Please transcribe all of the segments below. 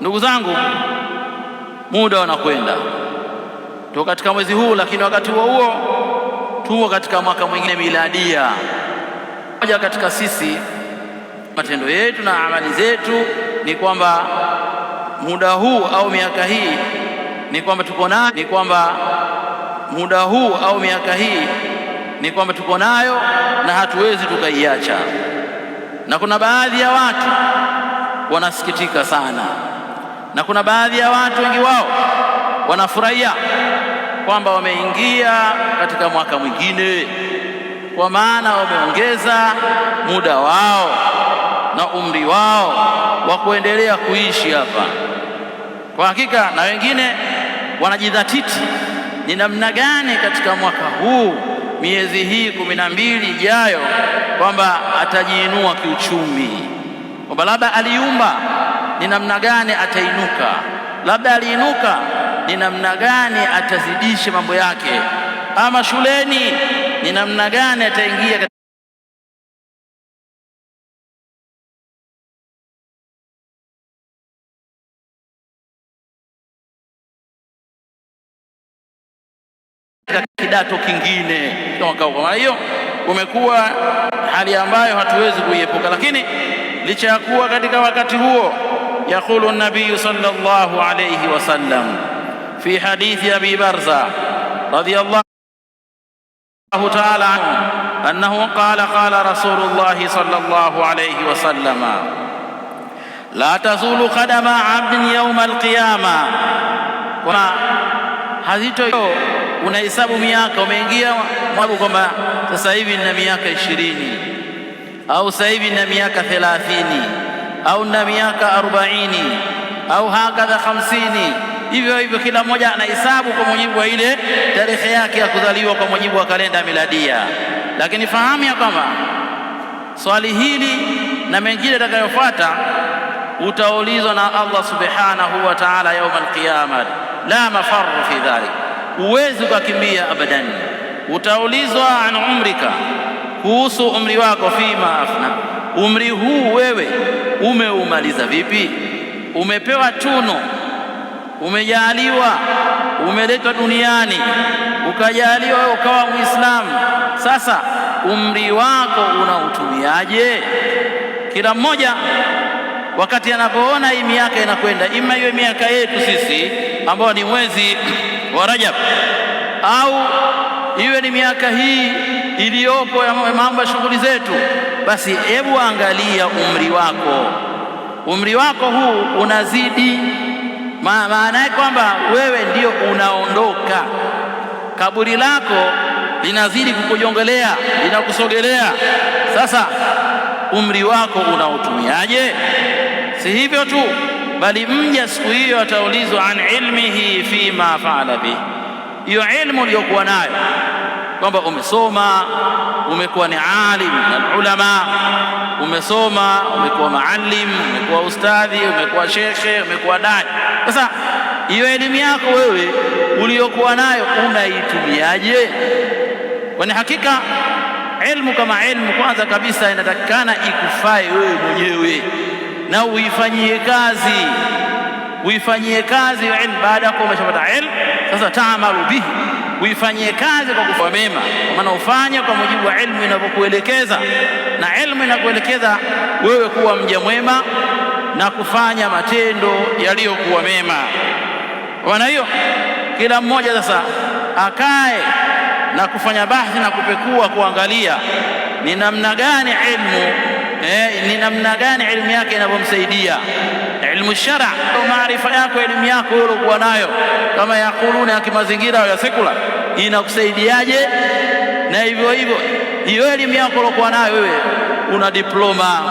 Ndugu zangu, muda unakwenda, tu katika mwezi huu, lakini wakati huo huo tuko katika mwaka mwingine miladia. Moja katika sisi matendo yetu na amali zetu ni kwamba muda huu au miaka hii ni kwamba tuko nayo, ni kwamba muda huu au miaka hii ni kwamba tuko nayo na hatuwezi tukaiacha, na kuna baadhi ya watu wanasikitika sana na kuna baadhi ya watu wengi wao wanafurahia kwamba wameingia katika mwaka mwingine, kwa maana wameongeza muda wao na umri wao wa kuendelea kuishi hapa. Kwa hakika, na wengine wanajidhatiti ni namna gani katika mwaka huu miezi hii kumi na mbili ijayo, kwamba atajiinua kiuchumi, kwamba labda aliumba ni namna gani atainuka, labda aliinuka, ni namna gani atazidisha mambo yake, ama shuleni, ni namna gani ataingia kidato kingine mwaka. Kwa maana hiyo umekuwa hali ambayo hatuwezi kuiepuka, lakini licha ya kuwa katika wakati huo يقول النبي صلى الله عليه وسلم في حديث أبي برزة رضي الله تعالى عنه أنه قال قال رسول الله صلى الله عليه وسلم لا تزول قدم عبد يوم القيامة وما hazito unahesabu miaka umeingia mwangu kwamba sasa hivi nina miaka ishirini au sasa hivi miaka thelathini au na miaka arobaini au hakadha 50 hivyo hivyo, kila mmoja anahesabu kwa mujibu wa ile tarehe yake ya kuzaliwa kwa mujibu wa kalenda miladia. Lakini fahamu ya kwamba swali hili na mengine yatakayofuata utaulizwa na Allah subhanahu wa ta'ala yaumul qiyama, la mafarru fi dhalik, uwezi ukakimbia abadan. Utaulizwa an umrika, kuhusu umri wako, fima afna umri huu wewe umeumaliza vipi? Umepewa tuno, umejaliwa, umeletwa duniani ukajaliwa ukawa Muislamu. Sasa umri wako unautumiaje? Kila mmoja wakati anapoona hii miaka inakwenda, ima iwe miaka yetu sisi ambao ni mwezi wa Rajab, au iwe ni miaka hii iliyopo ya mambo ya shughuli zetu, basi hebu angalia umri wako. Umri wako huu unazidi, maana yake kwamba wewe ndio unaondoka, kaburi lako linazidi kukujongelea, linakusogelea. Sasa umri wako unaotumiaje? Si hivyo tu, bali mja siku hiyo ataulizwa an ilmihi fi ma faala bihi, hiyo ilmu uliyokuwa nayo kwamba umesoma umekuwa ni alim na ulama, umesoma umekuwa maalim, umekuwa ustadhi, umekuwa shekhe, umekuwa dai. Sasa hiyo elimu yako wewe uliyokuwa nayo unaitumiaje? Kwani hakika elimu kama elimu, kwanza kabisa inatakikana ikufae wewe mwenyewe na uifanyie kazi, uifanyie kazi ilmu. Baada ya kuwa umeshapata elimu, sasa taamalu bihi uifanyie kazi kwa kufa mema, maana ufanye kwa mujibu wa elimu inavyokuelekeza, na elimu inakuelekeza wewe kuwa mja mwema na kufanya matendo yaliyokuwa mema. maana hiyo kila mmoja sasa akae na kufanya bahthi na kupekua, kuangalia ni namna gani elimu eh, ni namna gani elimu yake inavyomsaidia ilmu shara au maarifa yako elimu yako uliokuwa nayo kama yakuluna ya kimazingira ya sekula inakusaidiaje? Na hivyo hivyo hiyo elimu yako uliokuwa nayo wewe, una diploma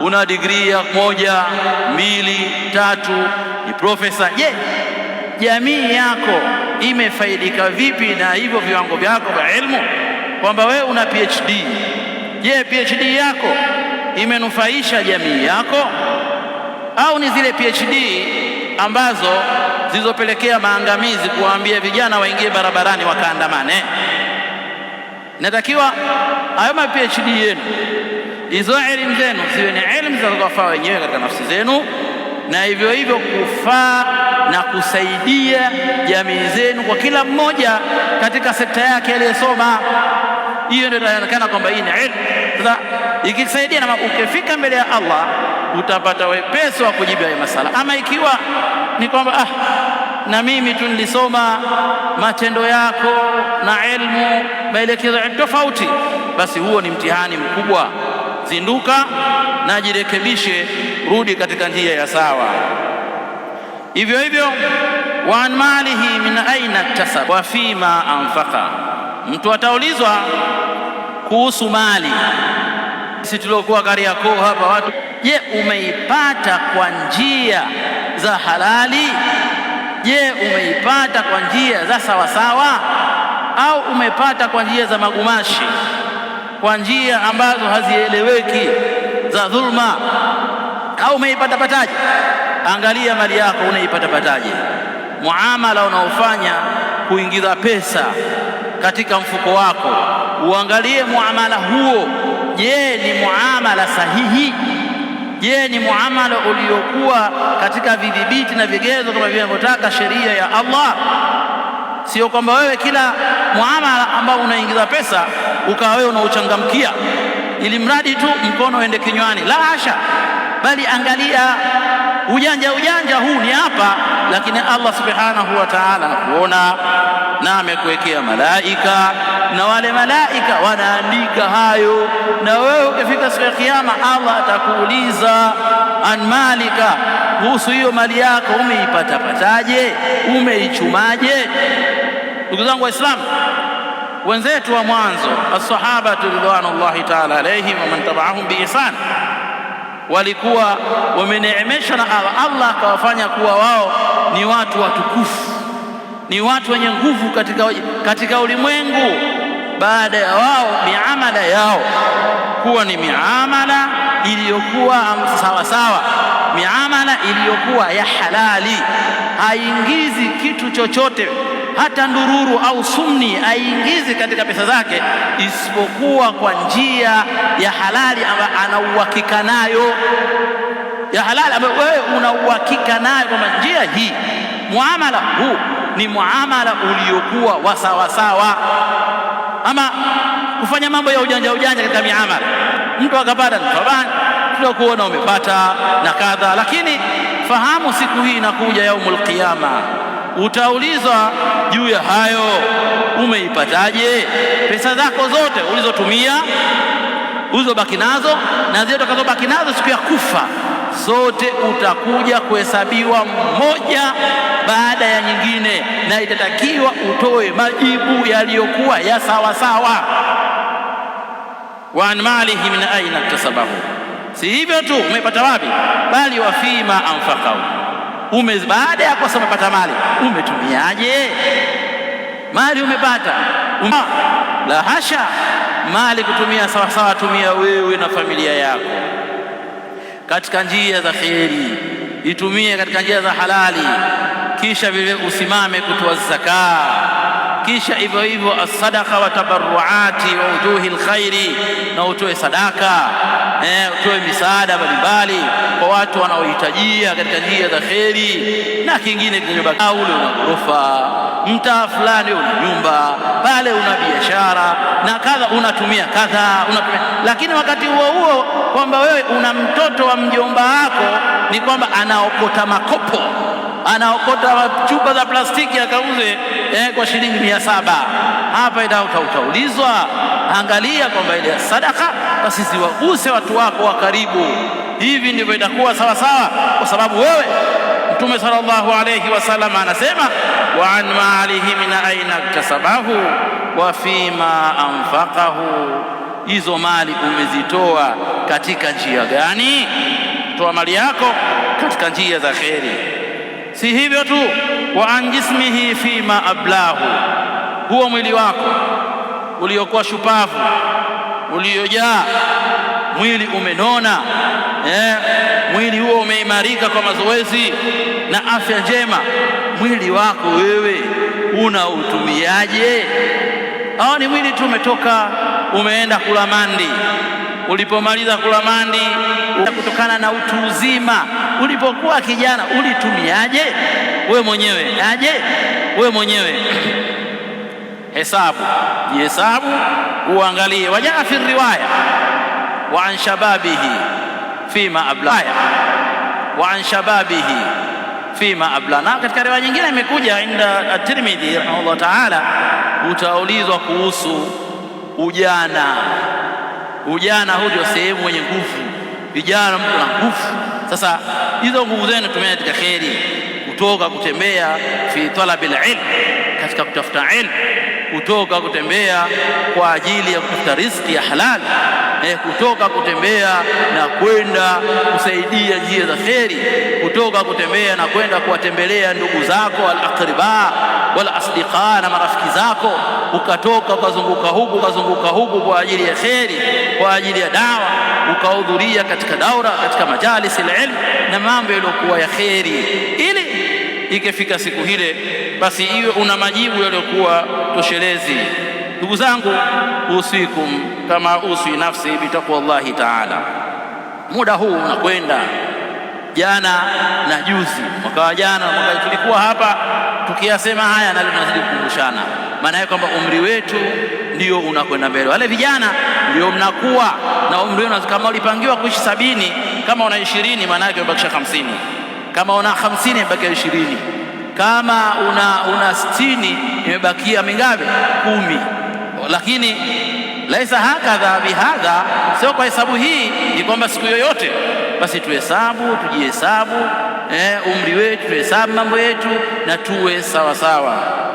una digrii ya moja mbili tatu, ni profesa. Je, jamii yako imefaidika vipi na hivyo viwango vyako vya elimu, kwamba wewe una PhD Je, PhD yako imenufaisha jamii yako au ni zile PhD ambazo zilizopelekea maangamizi, kuwaambia vijana waingie barabarani wakaandamane? Inatakiwa hayo ma PhD yenu, hizo elimu zenu ziwe ni elimu zinazowafaa wenyewe katika nafsi zenu, na hivyo hivyo kufaa na kusaidia jamii zenu, kwa kila mmoja katika sekta yake aliyosoma hiyo ndio inaonekana kwamba hii ni ilmu. Sasa ikisaidia na ukifika mbele ya Allah utapata wepesi wa kujibu hayo masala. Ama ikiwa ni kwamba ah, na mimi tu nilisoma matendo yako na ilmu maelekezo ya tofauti, basi huo ni mtihani mkubwa. Zinduka na jirekebishe, rudi katika njia ya sawa. Hivyo hivyo wa malihi min aina tasab wa fima anfaqa Mtu ataulizwa kuhusu mali. Sisi tuliokuwa Kariakoo hapa watu, je, umeipata kwa njia za halali? Je, umeipata kwa njia za sawasawa, au umepata kwa njia za magumashi, kwa njia ambazo hazieleweki za dhulma, au umeipata pataje? Angalia mali yako unaipata pataje, muamala unaofanya kuingiza pesa katika mfuko wako, uangalie muamala huo. Je, ni muamala sahihi? Je, ni muamala uliokuwa katika vidhibiti na vigezo kama vinavyotaka sheria ya Allah? Sio kwamba wewe kila muamala ambao unaingiza pesa ukawa wewe unauchangamkia ili mradi tu mkono uende kinywani, la hasha, bali angalia Ujanja ujanja huu ni hapa, lakini Allah subhanahu wa ta'ala anakuona na amekuwekea malaika, na wale malaika wanaandika hayo, na wewe ukifika siku ya Kiyama Allah atakuuliza an malika, kuhusu hiyo mali yako umeipata pataje, umeichumaje? Ndugu zangu Waislamu wenzetu wa mwanzo, as-sahabatu ridwanullahi ta'ala alayhim wa man tabi'ahum bi ihsan walikuwa wameneemeshwa na Allah, Allah akawafanya kuwa wao ni watu watukufu, ni watu wenye nguvu katika, katika ulimwengu, baada ya wao miamala yao kuwa ni miamala iliyokuwa sawa sawa, miamala iliyokuwa ya halali, haingizi kitu chochote hata ndururu au sumni aingizi katika pesa zake, isipokuwa kwa njia ya halali ambayo anauhakika nayo, ya halali ambayo wewe unauhakika nayo kwamba njia hii, muamala huu ni muamala uliokuwa wa sawasawa. Ama kufanya mambo ya ujanja ujanja katika miamala, mtu akapata thabani kuona umepata na kadha, lakini fahamu siku hii inakuja yaumul qiyama utaulizwa juu ya hayo. Umeipataje pesa zako zote ulizotumia, ulizobaki nazo na zile utakazobaki nazo siku ya kufa, zote utakuja kuhesabiwa mmoja baada ya nyingine, na itatakiwa utoe majibu yaliyokuwa ya sawasawa sawa. wa an malihi min aina tasabahu si hivyo tu umepata wapi, bali wafima anfaqahu ume baada ya kuwa umepata mali umetumiaje? Mali umepata um, la hasha, mali kutumia sawa sawa, tumia wewe na familia yako katika njia za kheri, itumie katika njia za halali, kisha vile usimame kutoa zaka, kisha hivyo hivyo as-sadaqa wa tabarruati wa wujuhi lkhairi, na utoe sadaka eh, utoe misaada mbalimbali kwa watu wanaohitajia katika njia za kheri, na kingine kinachobaki, ule una ghorofa, mtaa fulani una nyumba, pale una biashara na kadha, unatumia kadha, unatumia lakini wakati huo huo kwamba wewe una mtoto wa mjomba wako, ni kwamba anaokota makopo anaokota chupa za plastiki akauze eh, kwa shilingi mia saba hapa enda utaulizwa. Angalia kwamba ile sadaka basi ziwaguse watu wako wa karibu. Hivi ndivyo itakuwa sawa sawa, kwa sababu wewe Mtume sallallahu alayhi wasallam anasema wa an maalihi min aina ktasabahu wa fima anfaqahu, hizo mali umezitoa katika njia gani? Toa mali yako katika njia za kheri. Si hivyo tu, wa an jismihi ma ablahu, huo mwili wako uliokuwa shupavu uliojaa mwili umenona, eh, mwili huo umeimarika kwa mazoezi na afya njema. Mwili wako wewe unautumiaje? Au ni mwili tu umetoka umeenda kula mandi Ulipomaliza kula mandi, kutokana na utu uzima, ulipokuwa kijana ulitumiaje wewe mwenyewe? Aje wewe mwenyewe hesabu, jihesabu, uangalie. Wajaa fi riwaya wa an shababihi fima abla, wa an shababihi fima abla. Na katika riwaya nyingine imekuja inda at-Tirmidhi rahimahullah taala, utaulizwa kuhusu ujana Ujana huu ndio sehemu wenye nguvu, vijana mko na nguvu. Sasa hizo nguvu zenu tumieni katika kheri, kutoka kutembea fi talabil ilm, katika kutafuta ilm, kutoka kutembea kwa ajili ya kutafuta riziki ya halali E, eh, kutoka kutembea na kwenda kusaidia njia za kheri, kutoka kutembea na kwenda kuwatembelea ndugu zako al-aqriba wala asdiqa, na marafiki zako, ukatoka ukazunguka huku ukazunguka huku kwa ajili ya kheri, kwa ajili ya dawa, ukahudhuria katika daura, katika majalisi ilmu na mambo yaliyokuwa ya kheri, ili ikifika siku hile basi iwe una majibu yaliyokuwa toshelezi. Ndugu zangu, usikum kama uswi nafsi bitaqwallahi taala. Muda huu unakwenda. Jana na juzi, mwaka wa jana mwaka tulikuwa hapa ukiyasema haya nalo tunazidi kukumbushana, maana yake kwamba umri wetu ndio unakwenda mbele. Wale vijana ndio mnakuwa na umri wenu. Kama ulipangiwa kuishi sabini, kama una ishirini, maana yake umebakisha hamsini. Kama una hamsini, imebakia ishirini. Kama una, una sitini, imebakia mingapi? Kumi. Lakini laisa hakadha bihadha, sio kwa hesabu hii. Ni kwamba siku yoyote basi tuhesabu, tujihesabu eh, umri wetu, tuhesabu mambo yetu na tuwe sawasawa.